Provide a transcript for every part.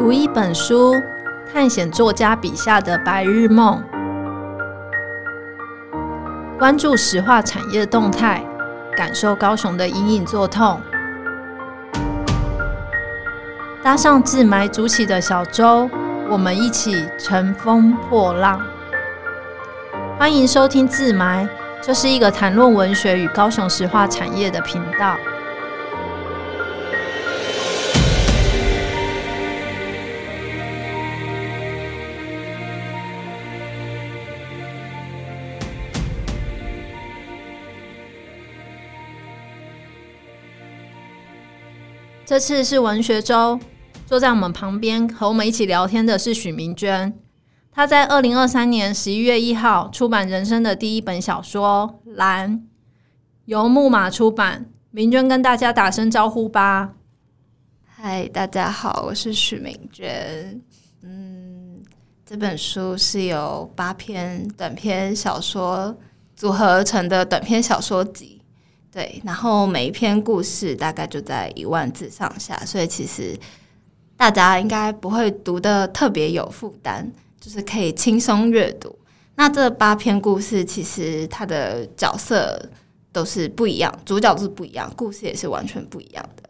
讀一本書，探險作家筆下的白日夢；關注石化產業動態，感受高雄的隱隱作痛；搭上字霾築起的小舟，我們一起乘風破浪。歡迎收聽字霾，這、就是一個談論文學與高雄石化產業的頻道。這次是文學周，坐在我們旁邊和我們一起聊天的是許明涓。她在二零二三年十一月一號出版人生的第一本小說《藍》，由木馬出版。明涓跟大家打聲招呼吧。嗨，大家好，我是許明涓。嗯，這本書是由八篇短篇小說組合而成的短篇小說集。對，然後每一篇故事大概就在一萬字上下，所以其實大家應該不會讀得特別有負擔，就是可以輕鬆閱讀。那這八篇故事其實它的角色都是不一樣，主角都是不一樣，故事也是完全不一樣的。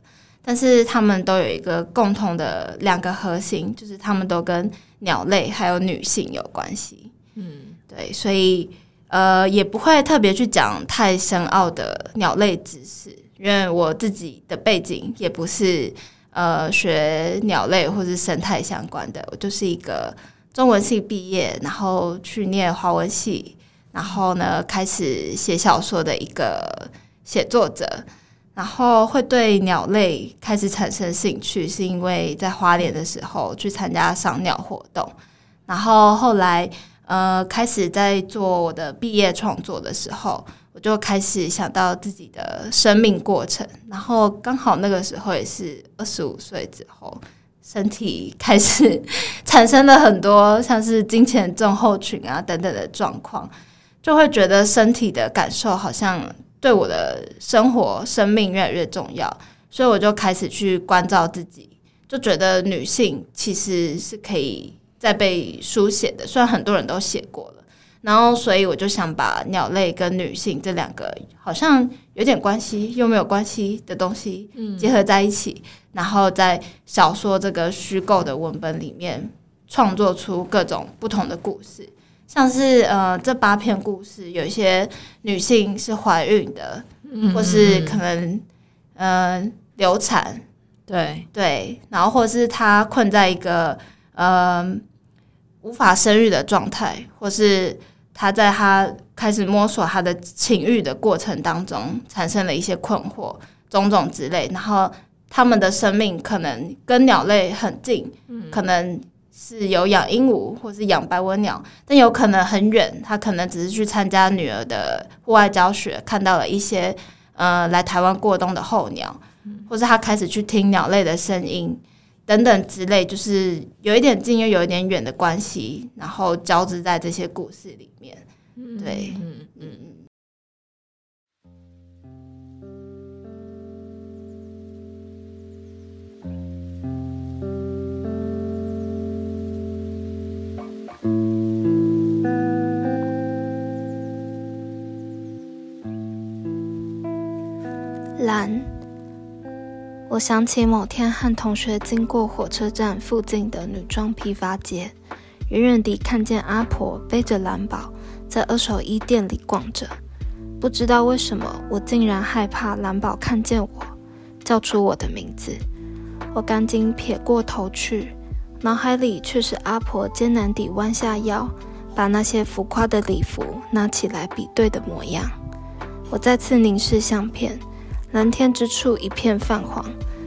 但是他們都有一個共同的兩個核心，就是他們都跟鳥類還有女性有關係。嗯，對，所以。呃，也不會特別去講太深奧的鳥類知識，因為我自己的背景也不是呃學鳥類或是生態相關的，我就是一個中文系畢業，然後去念華文系，然後呢開始寫小說的一個寫作者，然後會對鳥類開始產生興趣，是因為在花蓮的時候去參加賞鳥活動，然後後來。呃，開始在做我的畢業創作的時候，我就開始想到自己的生命過程。然後剛好那個時候也是二十五歲之後，身體開始 產生了很多像是經前症候群啊等等的狀況，就會覺得身體的感受好像對我的生活、生命越來越重要，所以我就開始去關照自己，就覺得女性其實是可以。在被書寫的，雖然很多人都寫過了，然後所以我就想把鳥類跟女性這兩個好像有點關係又沒有關係的東西，結合在一起，嗯，然後在小說這個虛構的文本裡面創作出各種不同的故事，像是呃，這八篇故事有一些女性是懷孕的，嗯嗯，或是可能嗯，呃，流產，對對，然後或是她困在一個呃。無法生育的狀態，或是他在他開始摸索他的情欲的過程當中，產生了一些困惑，種種之類。然後他們的生命可能跟鳥類很近，可能是有養鸚鵡或是養白文鳥，但有可能很遠。他可能只是去參加女兒的戶外教學，看到了一些呃，來台灣過冬的候鳥，或是他開始去聽鳥類的聲音。等等之類，就是有一點近又有一點遠的關係，然後交織在這些故事裡面，對。我想起某天和同學經過火車站附近的女裝批發街，遠遠地看見阿婆背着藍寶在二手衣店裡逛着。不知道為什麼，我竟然害怕藍寶看見我叫出我的名字，我趕緊撇過頭去，腦海裡卻是阿婆艱難地彎下腰，把那些浮誇的禮服拿起來比對的模樣。我再次凝視相片。藍天之處一片泛黃，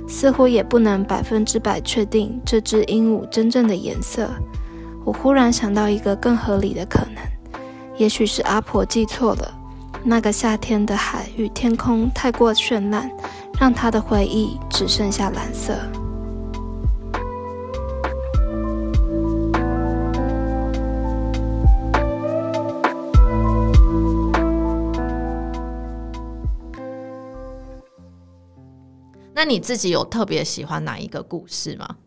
似乎也不能百分之百確定這隻鸚鵡真正的顏色。我忽然想到一個更合理的可能：也許是阿婆記錯了，那個夏天的海與天空太過絢爛，讓她的回憶只剩下藍色。那你自己有特別喜歡哪一個故事嗎？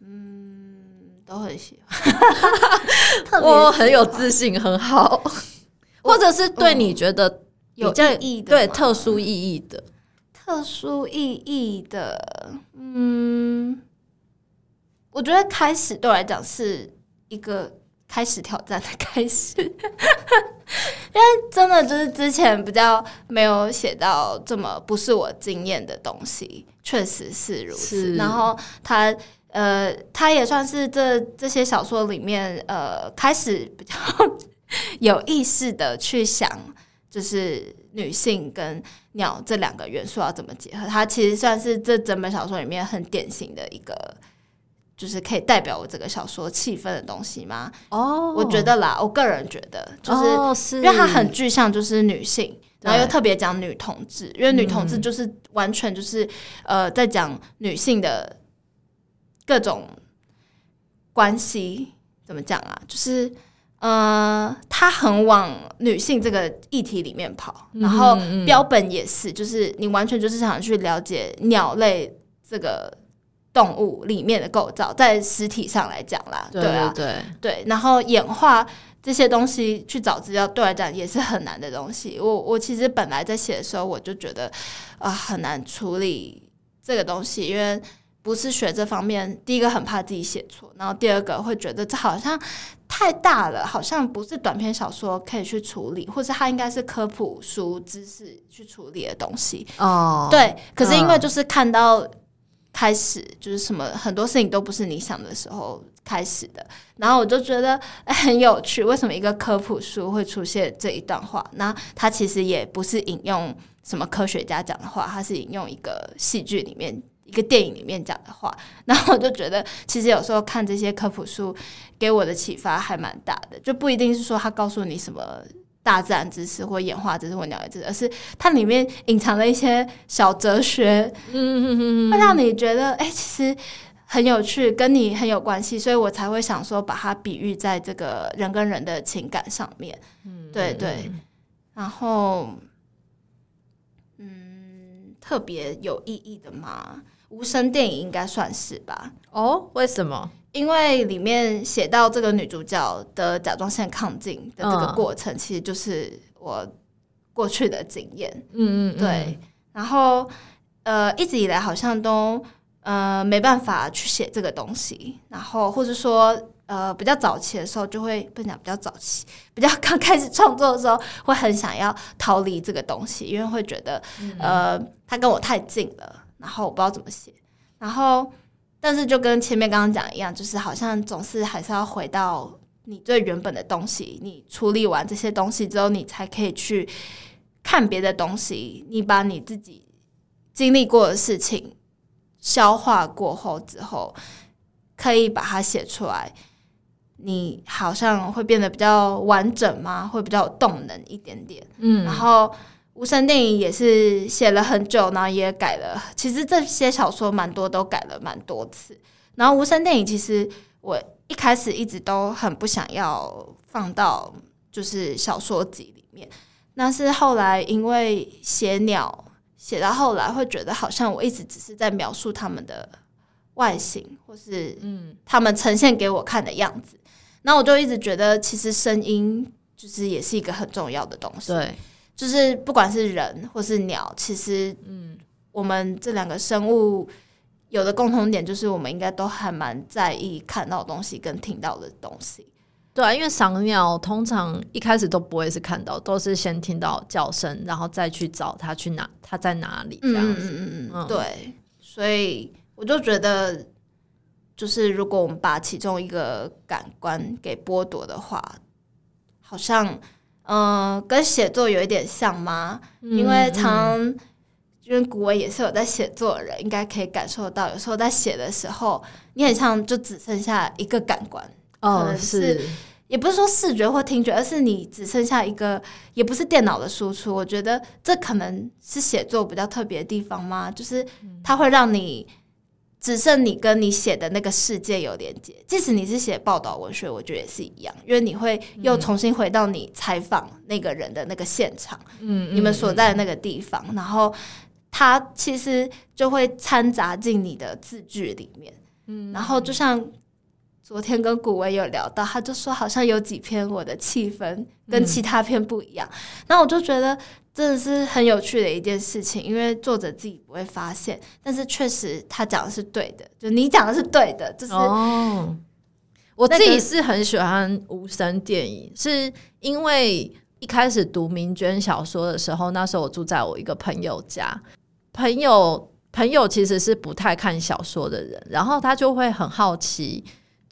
嗯，都很喜歡， 喜歡 我很有自信，很好。或者是對你覺得、嗯、有意義的，對特殊意義的，特殊意義的，嗯，我覺得開始對我來講是一個。開始挑戰的開始， 因為真的就是之前比較沒有寫到這麼不是我經驗的東西，確實是如此。然後他呃，他也算是這這些小說裡面呃，開始比較有意識的去想，就是女性跟鳥這兩個元素要怎麼結合。他其實算是這整本小說裡面很典型的一個。就是可以代表我這個小說氣氛的東西嗎？哦、oh,，我覺得啦，我個人覺得，就是因為他很具象，就是女性，oh, 然後又特別講女同志，因為女同志就是完全就是、嗯、呃，在講女性的各種關係，怎麼講啊？就是呃，他很往女性這個議題裡面跑、嗯，然後標本也是，就是你完全就是想去了解鳥類這個。動物裡面的構造，在實體上來講啦，對，對啊對，對，然後演化這些東西去找資料對來講也是很難的東西。我我其實本來在寫的時候，我就覺得啊、呃、很難處理這個東西，因為不是學這方面。第一個很怕自己寫錯，然後第二個會覺得這好像太大了，好像不是短篇小說可以去處理，或者它應該是科普書知識去處理的東西。哦，對，可是因為就是看到。開始就是什麼很多事情都不是你想的時候開始的，然後我就覺得、欸、很有趣，為什麼一個科普書會出現這一段話？那它其實也不是引用什麼科學家講的話，它是引用一個戲劇裡面、一個電影裡面講的話。然後我就覺得，其實有時候看這些科普書，給我的啟發還蠻大的，就不一定是說他告訴你什麼。大自然知識或演化知識或鳥類知識，而是它裡面隱藏了一些小哲學，會讓你覺得哎、欸，其實很有趣，跟你很有關係，所以我才會想說把它比喻在這個人跟人的情感上面，嗯、對對，然後嗯，特別有意義的嘛。無聲電影應該算是吧？哦，oh，為什麼？因為裡面寫到這個女主角的甲狀腺亢進的這個過程，其實就是我過去的經驗。嗯，嗯嗯，對。然後，呃，一直以來好像都呃沒辦法去寫這個東西。然後，或是說，呃，比較早期的時候就會不講比較早期，比較剛開始創作的時候，會很想要逃離這個東西，因為會覺得嗯嗯呃，他跟我太近了。然後我不知道怎麼寫，然後但是就跟前面剛剛講一樣，就是好像總是還是要回到你最原本的東西。你處理完這些東西之後，你才可以去看別的東西。你把你自己經歷過的事情消化過後之後，可以把它寫出來，你好像會變得比較完整嗎？會比較有動能一點點。嗯，然後。無聲電影也是寫了很久，然後也改了。其實這些小說蠻多都改了蠻多次。然後無聲電影其實我一開始一直都很不想要放到就是小說集裡面。那是後來因為寫鳥寫到後來會覺得好像我一直只是在描述他們的外形或是嗯，他們呈現給我看的樣子。那我就一直覺得其實聲音就是也是一個很重要的東西。對。就是不管是人或是鳥，其實，嗯，我們這兩個生物有的共同點就是，我們應該都還蠻在意看到東西跟聽到的東西。對啊，因為賞鳥通常一開始都不會是看到，都是先聽到叫聲，然後再去找它去哪，它在哪裡這樣子。嗯嗯嗯。對嗯，所以我就覺得，就是如果我們把其中一個感官給剝奪的話，好像。嗯、呃，跟寫作有一點像嗎？嗯、因為常，常因為古文也是有在寫作的人，應該可以感受到，有時候在寫的時候，你很像就只剩下一個感官，哦可能是，是，也不是說視覺或聽覺，而是你只剩下一個，也不是電腦的輸出。我覺得這可能是寫作比較特別的地方嗎？就是它會讓你。只剩你跟你寫的那個世界有連接，即使你是寫報道文學，我覺得也是一樣，因為你會又重新回到你採訪那個人的那個現場，嗯，你們所在的那個地方，嗯，嗯，然後它其實就會摻雜進你的字句裡面，嗯，然後就像。昨天跟古文有聊到，他就說好像有幾篇我的氣氛跟其他篇不一樣，嗯、那我就覺得真的是很有趣的一件事情，因為作者自己不會發現，但是確實他講的是對的，就你講的是對的，就是、哦、我自己是很喜歡無聲電影，是因為一開始讀明涓小說的時候，那時候我住在我一個朋友家，朋友朋友其實是不太看小說的人，然後他就會很好奇。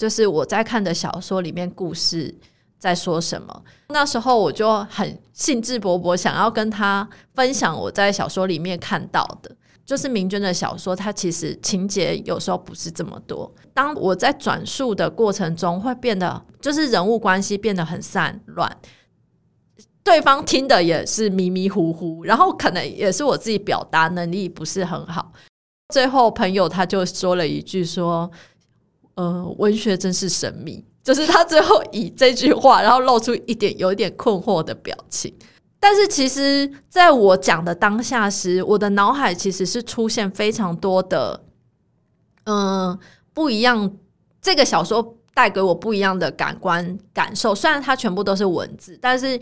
就是我在看的小說裡面故事在說什麼？那時候我就很興致勃勃，想要跟他分享我在小說裡面看到的。就是明涓的小說，它其實情節有時候不是這麼多。當我在轉述的過程中，會變得就是人物關係變得很散亂，對方聽的也是迷迷糊糊，然後可能也是我自己表達能力不是很好。最後朋友他就說了一句說，呃，文學真是神秘，就是他最後以這句話，然後露出一點有一點困惑的表情。但是其實，在我講的當下時，我的腦海其實是出現非常多的，嗯、呃，不一樣。這個小說帶給我不一樣的感官感受。雖然它全部都是文字，但是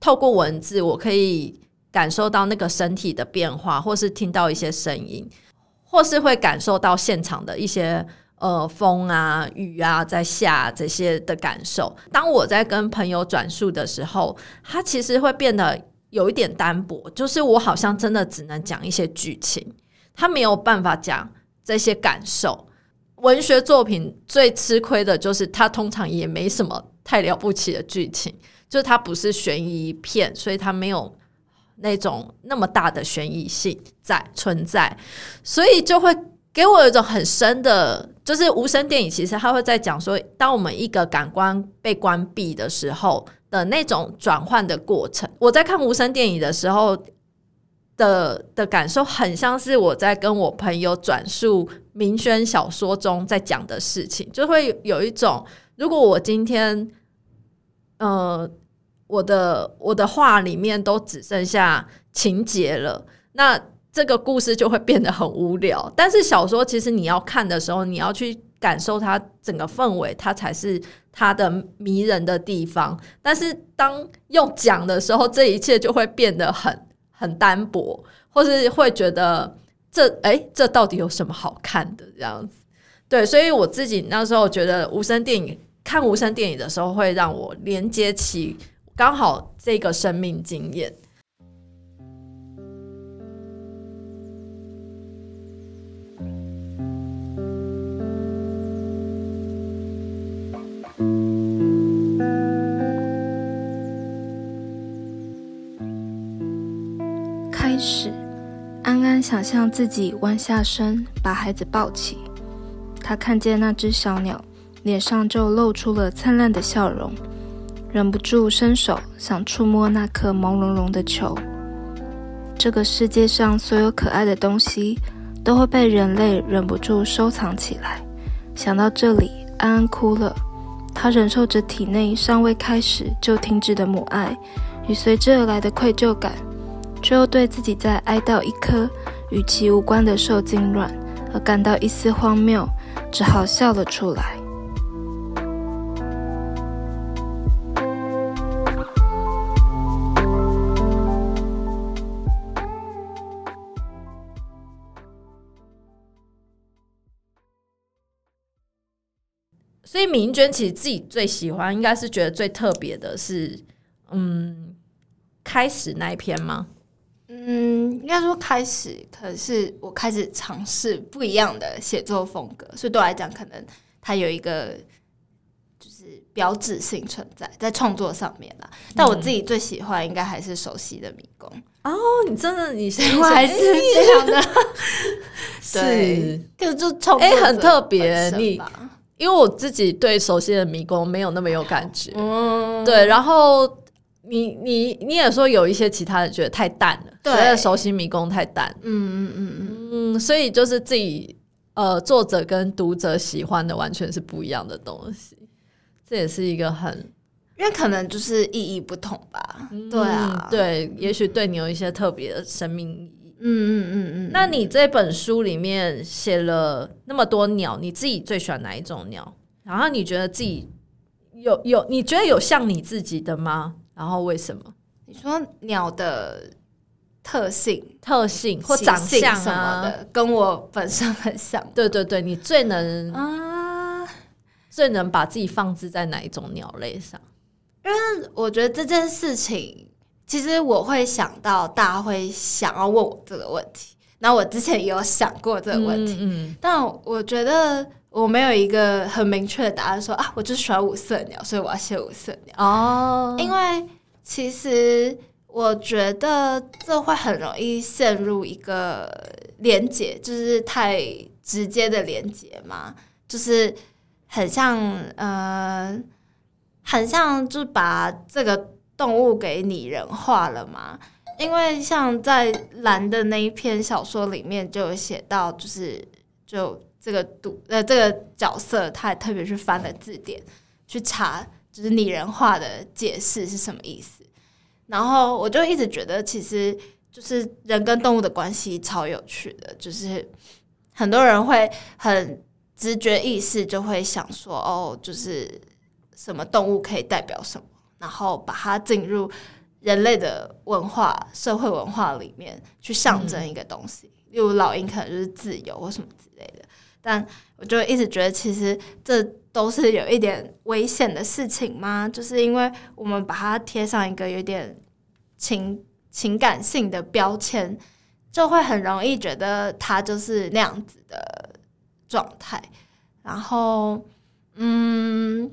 透過文字，我可以感受到那個身體的變化，或是聽到一些聲音，或是會感受到現場的一些。呃，風啊，雨啊，在下啊，這些的感受。當我在跟朋友轉述的時候，他其實會變得有一點單薄，就是我好像真的只能講一些劇情，他沒有辦法講這些感受。文學作品最吃虧的就是，它通常也沒什麼太了不起的劇情，就是它不是懸疑片，所以它沒有那種那麼大的懸疑性在存在，所以就會。給我一種很深的，就是無聲電影，其實它會在講說，當我們一個感官被關閉的時候的那種轉換的過程。我在看無聲電影的時候的的感受，很像是我在跟我朋友轉述明涓小說中在講的事情，就會有一種，如果我今天，呃，我的我的話裡面都只剩下情節了，那。這個故事就會變得很無聊，但是小說其實你要看的時候，你要去感受它整個氛圍，它才是它的迷人的地方。但是當用講的時候，這一切就會變得很很單薄，或是會覺得這哎、欸，這到底有什麼好看的這樣子？對，所以我自己那時候覺得無聲電影，看無聲電影的時候會讓我連接起剛好這個生命經驗。開始，安安想象自己彎下身把孩子抱起，他看見那隻小鳥，臉上就露出了燦爛的笑容，忍不住伸手想觸摸那顆毛茸茸的球。這個世界上所有可愛的東西，都會被人類忍不住收藏起來。想到這裡，安安哭了。她忍受着體內尚未開始就停止的母愛與隨之而來的愧疚感。就對自己在哀悼一顆與其無關的受精卵而感到一絲荒謬，只好笑了出來。所以，明涓其實自己最喜歡，應該是覺得最特別的是，嗯，開始那一篇嗎？嗯，應該說開始，可是我開始嘗試不一樣的寫作風格，所以對我來講，可能它有一個就是標誌性存在在創作上面啦。但我自己最喜歡應該還、嗯、還是熟悉的迷宮。哦，你真的，你是因為、欸、還是這樣的、欸？對，是可是就就從哎，很特別。你因為我自己對熟悉的迷宮沒有那麼有感覺。哎、嗯，對，然後。你你你也說有一些其他人覺得太淡了，對，熟悉迷宮太淡，嗯嗯嗯嗯，所以就是自己呃，作者跟讀者喜歡的完全是不一樣的東西，這也是一個很，因為可能就是意義不同吧，嗯、對啊，對，也許對你有一些特別的生命意義，嗯嗯嗯嗯。那你這本書裡面寫了那麼多鳥，你自己最喜歡哪一種鳥？然後你覺得自己有、嗯、有，你覺得有像你自己的嗎？然後為什麼？你說鳥的特性、特性，特性或長相什麼的，跟我本身很像。對對對，你最能、嗯、啊，最能把自己放置在哪一種鳥類上？因為我覺得這件事情，其實我會想到大家會想要問我這個問題。那我之前也有想過這個問題，嗯嗯、但我覺得。我沒有一個很明確的答案說，說啊，我就喜歡五色鳥，所以我要寫五色鳥。哦、oh，因為其實我覺得這會很容易陷入一個連結，就是太直接的連結嘛，就是很像嗯、呃，很像就把這個動物給擬人化了嘛。因為像在藍的那一篇小說裡面就有寫到、就是，就是就。這個讀呃這個角色，他也特別去翻了字典，去查就是擬人化的解釋是什麼意思。然後我就一直覺得，其實就是人跟動物的關係超有趣的，就是很多人會很直覺意識就會想說，哦，就是什麼動物可以代表什麼，然後把它進入人類的文化、社會文化裡面去象徵一個東西。嗯、例如，老鷹可能就是自由或什麼之類的。但我就一直覺得，其實這都是有一點危險的事情嘛，就是因為我們把它貼上一個有點情情感性的標籤，就會很容易覺得它就是那樣子的狀態。然後，嗯，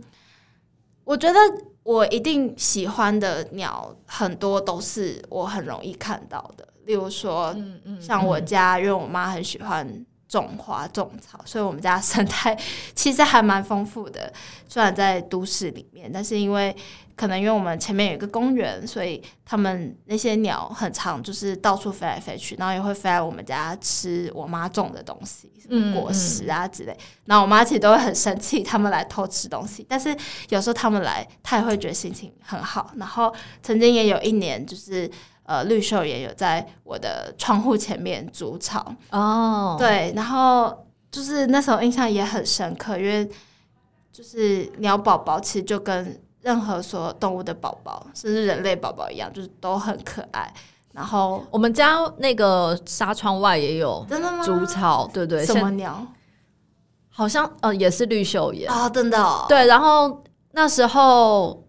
我覺得我一定喜歡的鳥很多都是我很容易看到的，例如說，嗯嗯嗯、像我家，因為我媽很喜歡。種花種草，所以我們家生態其實還蠻豐富的。雖然在都市裡面，但是因為可能因為我們前面有一個公園，所以他們那些鳥很常就是到處飛來飛去，然後也會飛來我們家吃我媽種的東西，嗯，什麼果實啊之類。嗯嗯。然後我媽其實都會很生氣，他們來偷吃東西。但是有時候他們來，他也會覺得心情很好。然後曾經也有一年就是。呃，綠繡眼有在我的窗戶前面築巢哦，對，然後就是那時候印象也很深刻，因為就是鳥寶寶其實就跟任何所有動物的寶寶，甚至人類寶寶一樣，就是都很可愛。然後我們家那個紗窗外也有真的嗎？築巢，對，對對，什麼鳥？好像呃，也是綠繡眼啊，真的，哦。對，然後那時候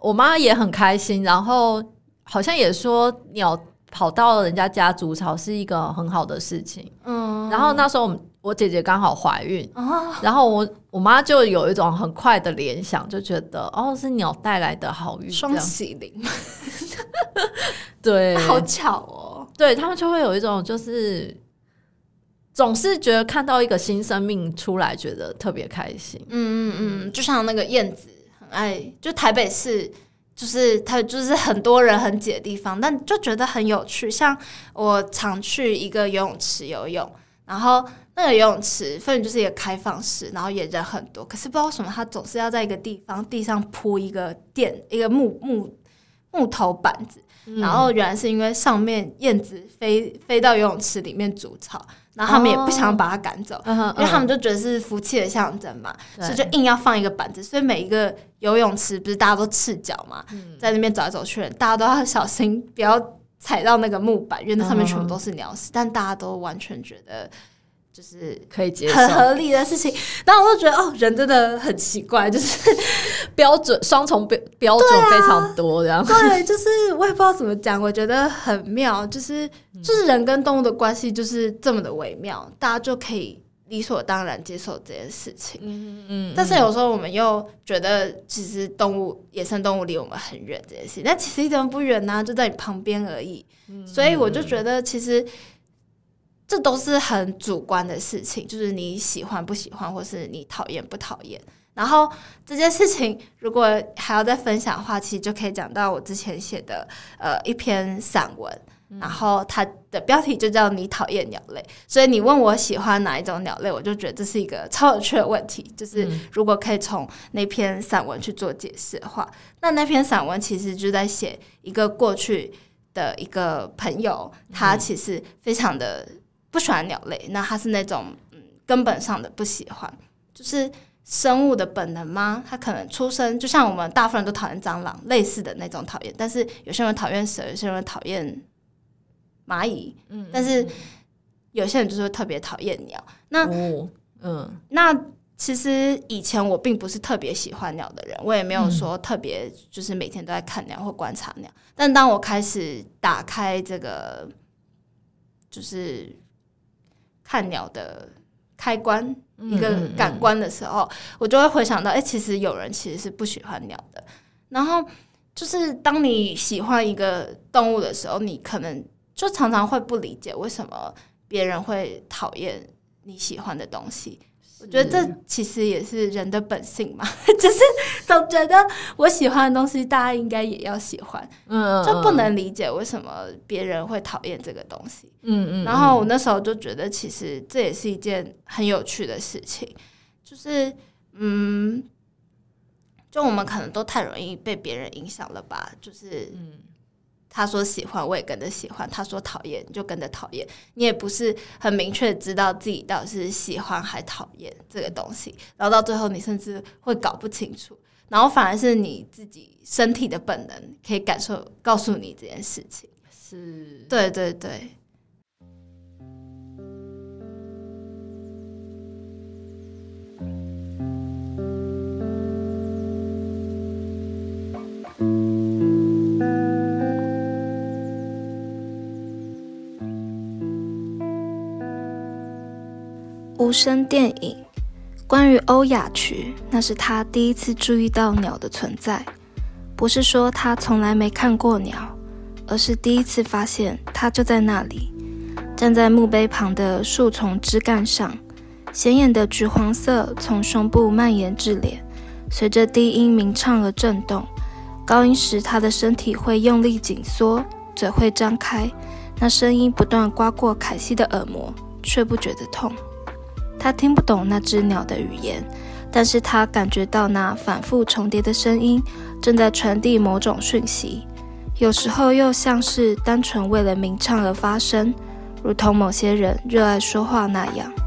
我媽也很開心，然後。好像也說鳥跑到人家家築巢是一個很好的事情，嗯。然後那時候我姐姐剛好懷孕，然後我我媽就有一種很快的聯想，就覺得哦，是鳥帶來的好運，雙喜臨門。對，好巧哦。對，他們就會有一種就是，總是覺得看到一個新生命出來，覺得特別開心。嗯嗯嗯，就像那個燕子很愛，就台北市。就是它，它就是很多人很擠的地方，但就覺得很有趣。像我常去一個游泳池游泳，然後那個游泳池反正就是一個開放式，然後也人很多。可是不知道為什麼，它總是要在一個地方地上鋪一個墊，一個木木木頭板子。嗯、然後原來是因為上面燕子飛飛到游泳池裡面築巢。然後他們也不想把它趕走，oh, uh -huh, uh -huh. 因為他們就覺得是福氣的象徵嘛，uh -huh, uh -huh. 所以就硬要放一個板子。所以每一個游泳池不是大家都赤腳嘛，uh -huh. 在那邊走來走去，大家都要小心，不要踩到那個木板，因為那上面全部都是鳥屎。Uh -huh. 但大家都完全覺得。就是可以接受很合理的事情， 然後我就覺得哦，人真的很奇怪，就是標準雙重標標準非常多，然後、啊、對，就是我也不知道怎麼講，我覺得很妙，就是就是人跟動物的關係就是這麼的微妙、嗯，大家就可以理所當然接受這件事情，嗯,嗯,嗯，但是有時候我們又覺得其實動物野生動物離我們很遠，這件事，但其實一點都不遠吶，就在你旁邊而已、嗯，所以我就覺得其實。這都是很主觀的事情，就是你喜歡不喜歡，或是你討厭不討厭。然後這件事情如果還要再分享的話，其實就可以講到我之前寫的呃一篇散文，嗯，然後它的標題就叫《你討厭鳥類》。所以你問我喜歡哪一種鳥類，我就覺得這是一個超有趣的問題。就是如果可以從那篇散文去做解釋的話，那那篇散文其實就在寫一個過去的一個朋友，他其實非常的。不喜歡鳥類，那他是那種嗯，根本上的不喜歡，就是生物的本能嗎？他可能出生就像我們大部分人都討厭蟑螂，類似的那種討厭。但是有些人討厭蛇，有些人討厭螞蟻，嗯，但是有些人就是會特別討厭鳥。那、哦、嗯，那其實以前我並不是特別喜歡鳥的人，我也沒有說特別就是每天都在看鳥或觀察鳥。但當我開始打開這個，就是。看鳥的開關，一個感官的時候，嗯嗯嗯，我就會回想到，哎、欸，其實有人其實是不喜歡鳥的。然後，就是當你喜歡一個動物的時候，你可能就常常會不理解為什麼別人會討厭你喜歡的東西。我覺得這其實也是人的本性嘛，就是總覺得我喜歡的東西，大家應該也要喜歡，嗯，就不能理解為什麼別人會討厭這個東西，嗯，嗯，嗯，然後我那時候就覺得，其實這也是一件很有趣的事情，就是嗯，就我們可能都太容易被別人影響了吧，就是嗯。他說喜歡，我也跟着喜歡；他說討厭，你就跟着討厭。你也不是很明確知道自己到底是喜歡還討厭這個東西，然後到最後你甚至會搞不清楚，然後反而是你自己身體的本能可以感受告訴你這件事情。是，對對對。無聲電影，關於歐雅渠，那是他第一次注意到鳥的存在。不是說他從來沒看過鳥，而是第一次發現它就在那裡，站在墓碑旁的樹叢枝幹上，顯眼的橘黃色從胸部蔓延至臉，隨着低音鳴唱而震動。高音時，他的身體會用力緊縮，嘴會張開，那聲音不斷刮過凱西的耳膜，卻不覺得痛。他聽不懂那隻鳥的語言，但是他感覺到那反覆重疊的聲音正在傳遞某種訊息，有時候又像是單純為了鳴唱而發聲，如同某些人熱愛說話那樣。